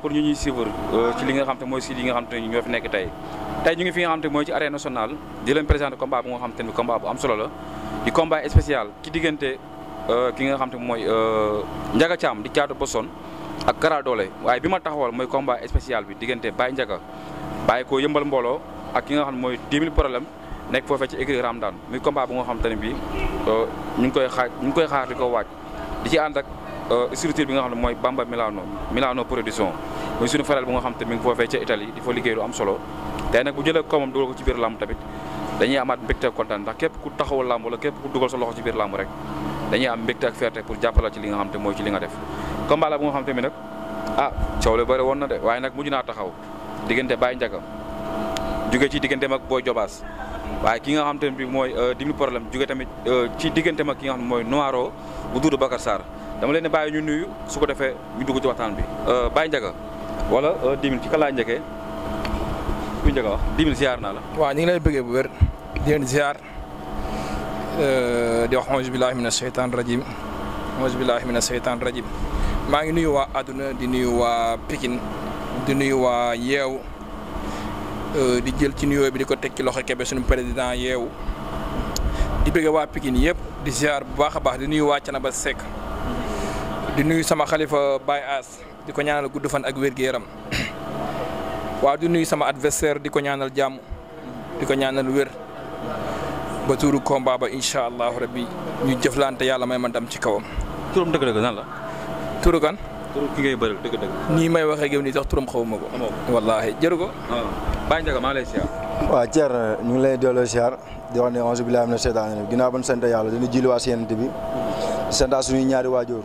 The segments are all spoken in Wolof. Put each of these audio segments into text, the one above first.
pour ñu ñuy suivre euh, ci li nga xam te mooy si li nga xam te ñoo nekk tey tey ñu ngi fi nga mooy ci arène nationale di leen présenter combat te ni am solo di combat spécial ci diggante euh, ki nga xam te mooy euh, Ndiaga Thiam di caatu Boston ak Kara Dollé waaye bi ma taxawal mooy combat spécial bi diggante Baye Ndiaga bàyyi ko yëmbal mbooloo ak ki nga xam mooy 10 problème nekk foofee ci écurie Ramdan muy combat bu nga xam te ne bii ñu ngi koy xaar ñu ngi koy xaar di ko waaj di ci ànd ak Euh, structure bi nga xam ne mooy Bamba Milano Milano production muy suñu faral bu nga xam te mi ngi foofee ca Italie di fa liggéey lu am solo tey nag bu jëlee koomam dugal ko ci biir làmb tamit dañuy amaat mbégte kontaan ndax képp ku taxaw làmb wala képp ku dugal sa loxo ci biir làmb rek dañuy am mbégte li nga xam te mooy ci li nga def combat la bu nga xam te mi nag ah coow lu bëri woon na de waaye nag mujj naa taxaw diggante Baye Ndiaga jóge ci diggante ak Boy Jobaas waaye ki nga xam te bi mooy euh, dimi problème jóge tamit euh, ci digganteem ak ki nga xam ne mooy Noiro bu duudu Bakar Sarr dama leen bàyyi ñu nuyu su ko defee ñu dugg ci waxtaan bi. Euh, Baye Ndiaga wala 10 000 ki kan laa njëkkee kuy Ndiaga wax 10 000 ziar naa la. waaw ñu ngi lay bëggee bu wér di leen ziar euh, di wax auzu billaahi mina sheytaani rajiim auzu billaahi mina maa ngi nuyu waa àdduna di nuyu waa pikin di nuyu waa yeew euh, di jël ci nuyoo bi di ko teg ci loxo Kébé suñu président yeew di bëggee waa pikin yëpp di ziar bu baax a baax di nuyu waa Canaba Seck. di nuyu sama xalifa baay As di ko ñaanal gudd fan ak wér-gu-yaram waa di nuyu sama adversaire di ko ñaanal jàmm di ko ñaanal wér ba tuuru combat ba incha allahu rabbi ñu jëflante yàlla may ma ndam ci kawam. turam dëgg-dëgg nan la. turu kan. turu ki ngay bëri dëgg-dëgg. nii may waxee ak yow nii sax turam xawuma ko. wallaahi jëru ko. waaw ah. maa lay siyaar. waaw Thierno ñu ngi lay delloo siyaar di wax ne auzu billaahi na seytaani rajiim ginnaaw ba ñu sant yàlla dina jiliwaat si yéen bi sant suñuy ñaari waajur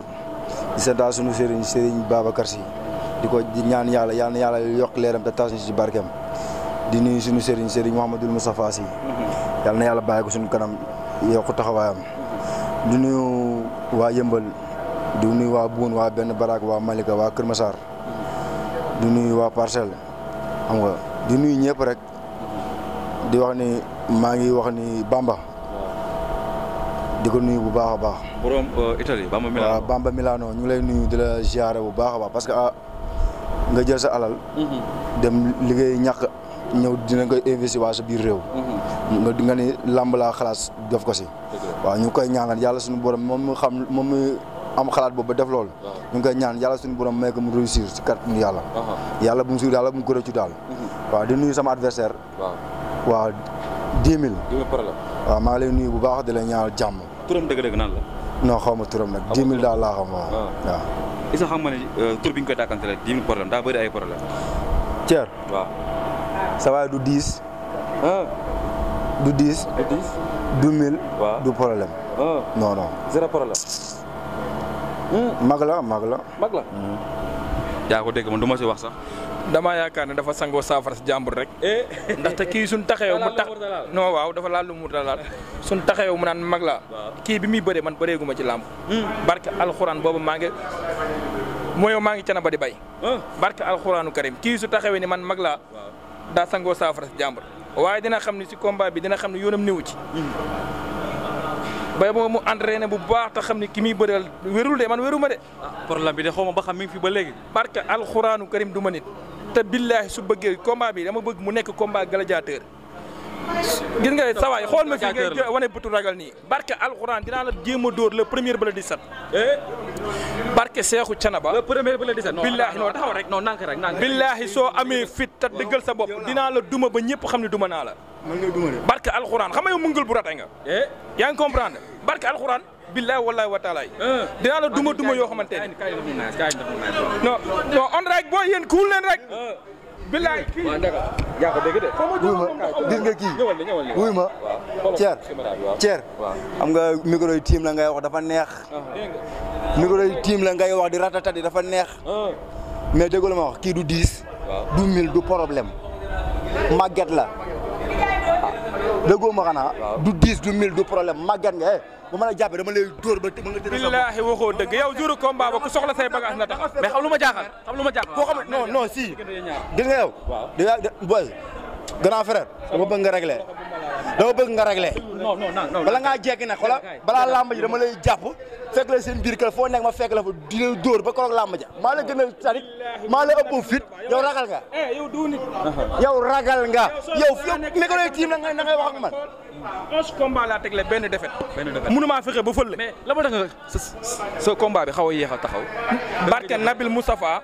di santaa sunu sëriñ sëriñ Babacar Sy di ko di ñaan yàlla yal yàlla yokk leeram te taas ñu ci barkeem di nuyu sunu sëriñ sëriñ Mouhamadul Moustapha si yal na yàlla bàyyi ko suñu kanam yokk taxawaayam di nuyu waa Yëmbal di nuyu waa Boune waa Benn Baraak waa Malika waa Kër Massar di nuyu waa Parcelles xam nga di nuyu ñëpp rek di wax ni maa ngi wax ni Bamba di ko bu baax a baax. borom euh, Italie Bamba Milano waaw Bamba Milano ñu ngi lay nuyu di a ah, nga jël sa alal. Mm-hmm. dem liggéey ñaq ñëw dina nga investi waa sa biir réew. Mm-hmm. nga nga ni làmb laa xalaat def ko si. waa ñu koy ñaanal yàlla suñu borom moom mu xam moom mu am xalaat boobu ba def loolu. ñu koy ñaan yàlla suñu borom may ko mu réussir si kàttanu yàlla. yàlla bu mu suur yàlla bu mu ko rëccu daal. Mm-hmm. waaw di nuyu sama adversaire. waaw waaw maa ngi lay bu baax di la ñaanal jàmm. turam dëgg-dëgg nan la. non xaw ma turam nag. dix mille daal laa xam waaw ah. waaw. est-ce xam nga ne euh, tur bi ñu koy dàkkante la dix problème daa bëri ay problème. Thier. sa waay ah. du dix. du dix. du dix. du problème. Ah. non hmm. mag la mag la. Mhm. yaa ko dégg man du ma si wax sax. damaa yaakaar ne dafa sangoo saafara si jàmbur rek. Eh, ndaxte kii suñ taxew mu tax non waaw dafa laal lu mu dalaal suñ taxew mu naan mag la kii bi muy bëree man bëreeguma ci làmb. Hmm. barke alxuraan boobu maa ngi maa ngi cana ba di bay. Hmm. barke alxuraanu karim kii su taxawee ni man mag laa. daa sangoo saafara si jàmbur. waaye dina xam ni si combat bi dina xam ne yoonam néew ci. Hmm. bay boo mu entraîné bu baax ta xam ne ki muy bëreel wérul de man wéruma de. Ah, problème bi de xaw ma ba xam mi ngi fi ba léegi. barke alxuraanu karim du ma nit. te billaahi su bëggee combat bi dama bëgg mu nekk combat gladiateur gis nga sawaay xool ma fi wane bëtu ragal nii barke alxuraan dinaa la jéem a dóor le premier ba le 17. Eh? barke Seexu Canaba. le premier ba le 17 non billaahi non taxaw rek non nank rek nank billaahi soo amee fit te dëggal sa bopp dinaa la duma ba ñëpp xam ne duma naa la. man ngay barke alxuraan xama nga yow mëngal bu rate nga. Eh? yaa ngi comprendre. barke alxuraan billahi wallahi wa taala eh. dinaa la duma duma yoo xamante ne non non on rek booy yéen kuul leen rek eh. billaay kii yaa gis nga kii wuy ma Thier Thier nga micro yi tiim la ngay wax dafa neex ah. micro yi tiim la ngay wax di ratatati dafa neex eh. mais déggoo ma wax kii du diis du mil du problème màgget la déggoo ma xanaa du 10 du 1000 du problème màggat ga eh bu ma la jàppee dama lay dóor ba ma nga tëdd billaahi waxoo dëgg yow juru combat ba ku soxla say bagage na tax mais xam lu ma jaaxal xam lu ma jaaxal koo xam non non si gis nga yow da boy grand frère dama bëgg nga réglé dama bëgg nga réglé non non non bala ngaa jekki nag xola balaa làmb ji dama lay jàpp fekk la seen biir kër foo nekk ma fekk la fa di la ba koroog làmb ja maa la gën a tarit maa la ëpp fit yow ragal nga. Eh, yow du nit. yow ragal nga yow yow micro yi tiim na nga ngay wax ak man. 11 combats ba fële. mais la ma tax nga bi xaw a a taxaw. barke Nabil Moustapha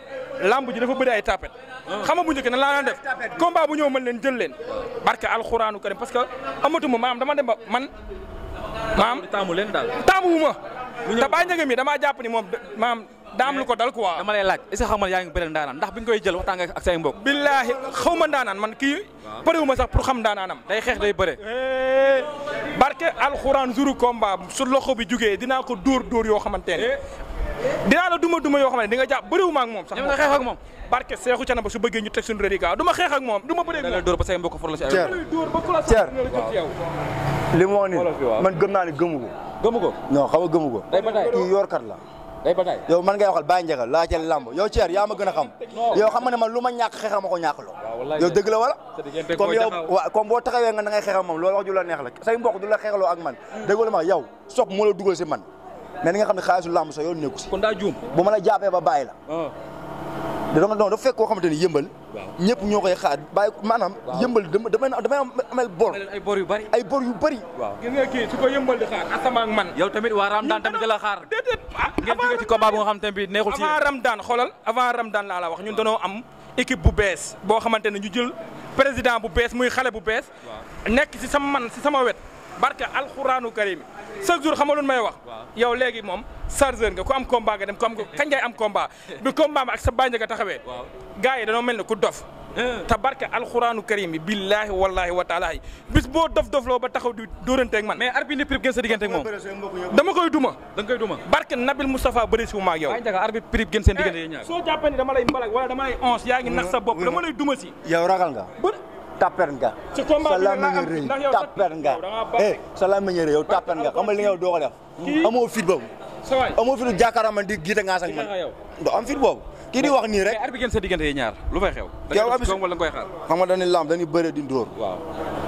lamb ji dafa bëri ay tapet. Ah. xam nga bu njëkk na laa daan def combat bu ñëw mën leen jël leen. barke alxuraanu karim parce que amatuma maam dama dem ba man. maam taamu leen daal taamu wu ma. te Baye Ndiaga mi damaa jàpp ni moom maam daam lu ko dal quoi. dama lay laaj est ce que xam nga yaa ngi bëri ndaanaan ndax bi nga koy jël waxtaan nga ak say xaw ma man kii. waaw përiwuma pour xam ndaanaanam. day xeex day bëre. Eh, barke alxuraan juru combat su loxo bi jugee dinaa ko dóor dóor yoo xamante ne. Eh. dinaa la duma duma yoo xam ne di nga jàpp bëriwuma ak moom sax nga xeex moom barke seexu ca na ba su bëggee ñu teg suñu radica du ma xeex ak moom du ma bëree dóor ba say mbokk for la ci la sax yow li mu wax ni man gëm naa ni gëmu ko gëmu ko non xaw a gëmu ko. day bataay la. day bataay yow man ngay waxal Baye Ndiaga laajal lamb yow Thierre yaa ma gën a xam. yow xam nga ne man lu ma ñàkk xeex ma ko ñàkkloo. yow dëgg la wala. comme yow waaw comme boo taxawee nga da ngay xeexal moom loolu wax la neex la say mbokk du la xeexloo ak man. Hmm. dëgg la ma yow soog moo la dugal si man mais ni nga xam ne xaalisu lamb sa yoon nekku si. bu ma la jàppee ba bàyyi la oh. danga non dafa fekk koo xamante ni yëmbal ñëpp ñoo koy xaar bàyyi maanaam yëmbal damay damay amel bor ay bor yu bëri ay bor yu bëri waaw gis nga kii su ko man yow tamit waa Ramadan tamit la xaar déedéet ah, ngeen jógee ci combat bu nga xam tamit neexul ci avant Ramadan xoolal avant Ramadan laa wax ñun danoo am équipe bu bees boo xamante ne ñu jël président bu bees muy xale bu bees nekk si sama man si sama wet barke alxuraanu karim chaque jour xam nga lu may wax. yow léegi moom chargeur nga ku am combat nga dem ku am kañ ngay am combat bi combat ma ak sa bànja nga taxawee. waaw gars yi danoo mel ne ku dof. te barke alxuraanu karim yi billaahi wallaahi wa taalaahi bis boo dof dof loo ba taxaw di dóoranteeg man. mais arbitre ne prip gën sa diggante moom dama koy duma. da nga koy duma barke Nabil Moustapha bëri wu ma ak yow. prip gën seen diggante eh, yéen ni dama lay mbalak wala dama lay onze duma si. yow ragal nga. tapper nga. ci combat bi nga yow eh, tapper nga eh sa làmmiñ a réy yow tapper nga xam nga li nga doo ko def. amoo fit boobu. amoo fit jàkkaarloo man di jiite ngaas ak man. doo am fit boobu. kii di wax nii rek mais arbitre sa diggante lamb dañuy bëre di dóor. waaw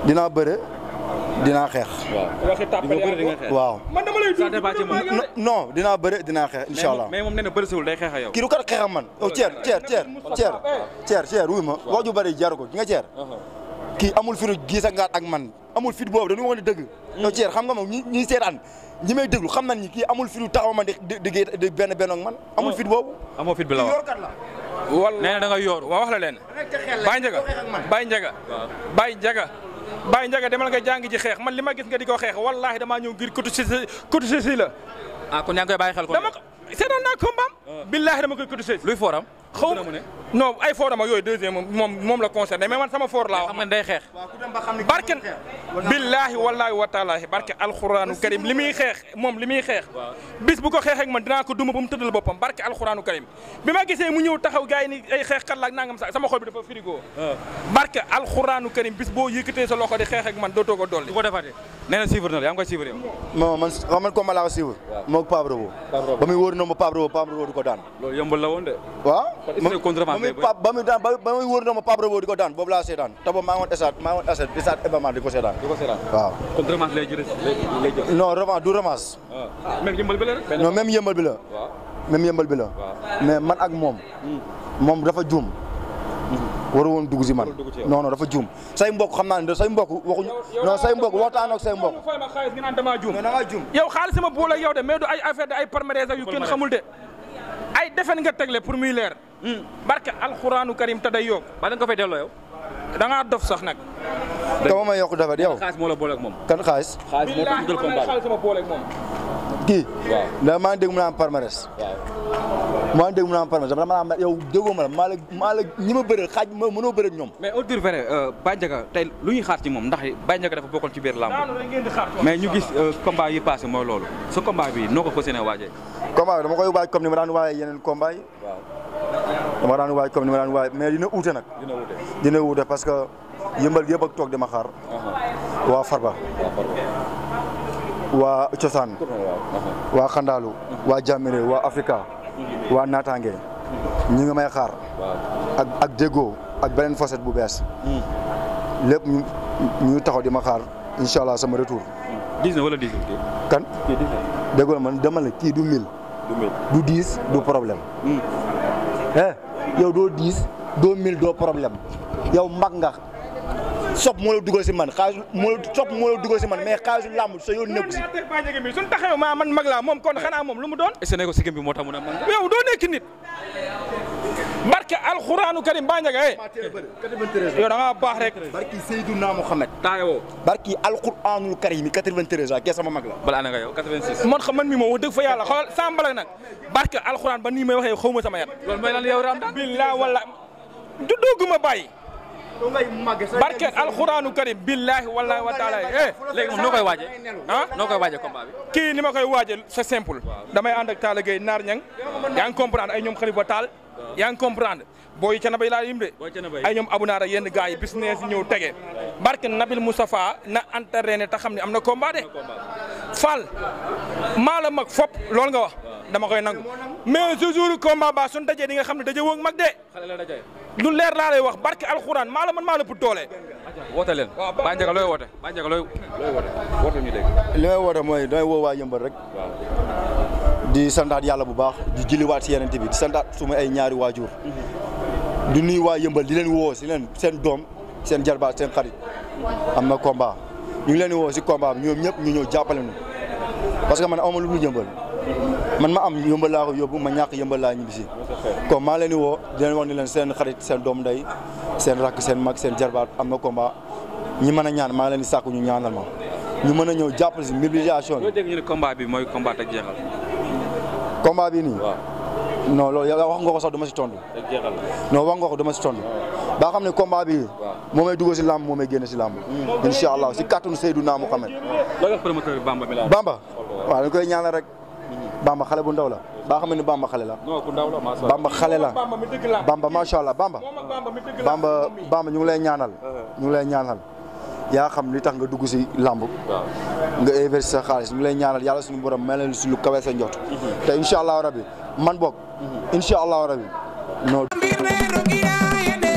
dinaa bëre dinaa xeex. waaw waxi tàppale yaa ngi ko waaw. man dama lay dund bëre dinaa xeex incha allah. mais moom na bëre siwul day xeex ak yow. man. ceer ceer ceer ceer ceer ma wax ju bëri jar ko nga ceer. kii amul firu diis ak ngaat ak man amul fit boobu dañu wax ne dëgg yow Thier xam nga moom ñi ñi seetaan ñi may déglu xam nañ ni kii amul firu taxaw man di di benn benn ak man amul oh. fit boobu amoo fit bi la wax la wala nee na da nga yoor wa wax la leen Baye Ndiaga Baye Ndiaga Baye Ndiaga Baye Ndiaga demal nga jàng ji xeex man li ma gis nga di ko xeex wallaahi damaa ñëw ngir kutu si kutu si la ah koy bàyyi xel ko dama seetaan naa combat ah. billaahi dama koy kutu si luy fooram xaw non ay foora ma yooyu deuxième moom moom la concerné mais man sama foor laa wax. day xeex. barke billaahi wallaahi wa taalaahi barke alxuraanu karim li muy xeex moom li muy xeex. bis bu ko xeex man dinaa ko duma ba mu tëddal boppam barke alxuraanu karim la ak nangam sax sama xol bi dafa frigo. Ah. barke alxuraanu karim bis boo yëkkatee sa loxo di xeex ak man dootoo ko dolli. bu ko defaatee yaa ngi koy suivre yow. man ko suivre. waaw moog Pape Robo. Pape Robo ba muy wóor na ma Pape Robo Pape Robo du ko daan. loolu la muy pap ba muy daan ba muy wër ma Pape Robot di ko daan boobu laa seetaan te maa ngi woon esaat maa ngi woon di ko seetaan. di ko seetaan du revanche. Ah. même yëmbal bi la rek. non même yëmbal bi la. mais man ak moom. Hmm. moom dafa juum. Hmm. waru woon dugg si man non non dafa juum say mbokk xam naa ne say mbokk waxuñu non say mbokk waxtaan ak say mbokk fay ma xaalis nga juum dangaa juum yow xaalis sama de mais du ay affaire de ay palmarès yu kenn de ay defen nga tegle pour muy leer barke alxuraanu karim te day yokk bala nga ko da ngaa dof sax nag. kama ma yokk dafa yow xaalis moo la boole ak moom. kan moo tax ñu jël combat ma boole ak moom. kii. waaw ndax maa ngi dégg mu naan palmarès. maa ngi ma la maa la maa ma bëreel xaaj ma mënoo bëreel ñoom. mais au ba vrai euh, tey lu ñuy xaar ci moom ndax Baye Ndiaga dafa bokkoon ci biir làmb. mais ñu gis euh, combat yi passé mooy loolu. sa combat bi noo ko fas yéene waajee. dama koy waaj comme ni ma daan waajee yeneen combat dama daan waaj ma daan waaj mais dina uute nag. dina uute parce que yëmbal yëpp ak toog dama xaar. Uh-huh. waa Farba. waa Cosaan. Uh-huh. waa Xandaalu. Uh-huh. waa Jàmmire waa Afrika. waa Naataange. ñu ngi may xaar. ak ak ak beneen facette bu bees. lépp ñu ñu taxaw di ma xaar incha sama retour. kan. kii man dama la kii du mille. du mille du problème. Hmm. eh. yow doo diis doo mil doo problème yow mag nga sopp moo la dugal si man xaalisu moo sopp moo la dugal si man mais xaalisu làmb sa yoon nekku si suñ taxaw ma man mag laa moom kon xanaa moom lu mu doon. est-ce que moo tax mu ne doo nekk nit. barke alxuraanu karim baa njaga eh. yow da ngaa baax rek. barki Seydouna Mohamed. taayoo barki alxuraanul karim 93 ans ah, kee sama mag la. balaa na nga yow 86. man xam man mi moom wax dëgg fa yàlla xoolal saa mbalag nag barke alxuraan ba nii may waxee xaw ma sama yat. loolu mooy lan yow Ramdan. bilaa wala juddoo gu ma bàyyi. barke alxuraanu karim billaahi wallaahi wa taala eh, léegi moom noo koy waaje ah noo koy waaje combat bi kii ni ma koy waaje c'est simple damay ànd ak Talla Gueye naar ñang yaa ngi comprendre ay ñoom Khalifa Tall yaa ngi comprendre booy ca na bay laa yim de ay ñoom abu naar ak yenn gars yi business yi ñëw tege barke Nabil Moustapha na entraîné ta xam ne am na combat de Fall maa la mag fop loolu nga wax dama koy nangu mais toujours combat ba suñu dajee di nga xam ne daje woog mag de lu leer laa lay wax barke alxuraan maa la man maa la bu doole. woote leen Baye Ndiaga looy woote Baye Ndiaga looy woote ñu dégg. li may woote mooy damay woo waa yëmbal rek. di santaat yàlla bu baax di jëliwaat si yeneen bi di santaat suma ay ñaari waajur. du nuy waa di leen woo si leen seen doom seen jarbaat seen xarit. am na combat ñu ngi leen woo si combat bi ñoom ñëpp ñu ñëw jàppale ñu parce que man aw ma lu dul yëmbal. man ma am yëmbal laa ko yóbbu ma ñàkk yëmbal laa ñibbisi kon maa leen di woo di leen wax ni leen seen xarit seen doom ndey seen rakk seen mag seen jarbaat am na komba ñi mën a ñaan maa leen di sàkku ñu ñaanal ma ñu mën a ñëw jàppale si mobilisation bi. dégg bi mooy combat ak jeexal. combat bi nii. noo loolu yow wax nga ko sax dama si tontu. ak jeexal non wax nga ko dama si tontu. ba xam ne combat bi. waaw moo may dugg si làmb moo may génn si làmb. Mm. incha allah si kàttanu Seydou naa Mouhamed. loolu promoteur Bamba bi la. koy ñaanal rek. Bamba xale bu ndaw la ba xam ne Bamba xale la. non ku la macha allah Bamba xale la Bamba macha allah Bamba. Bamba Bamba ñu ngi lay ñaanal. Uh-huh. ñu ngi lay ñaanal yaa xam li tax nga dugg si làmb nga investi sa xaalis ñu ngi lay ñaanal yàlla suñu borom mel na si lu kawe sa njot uh-huh. te incha allahu rabi man boog. Uh-huh. incha allahu rabi non.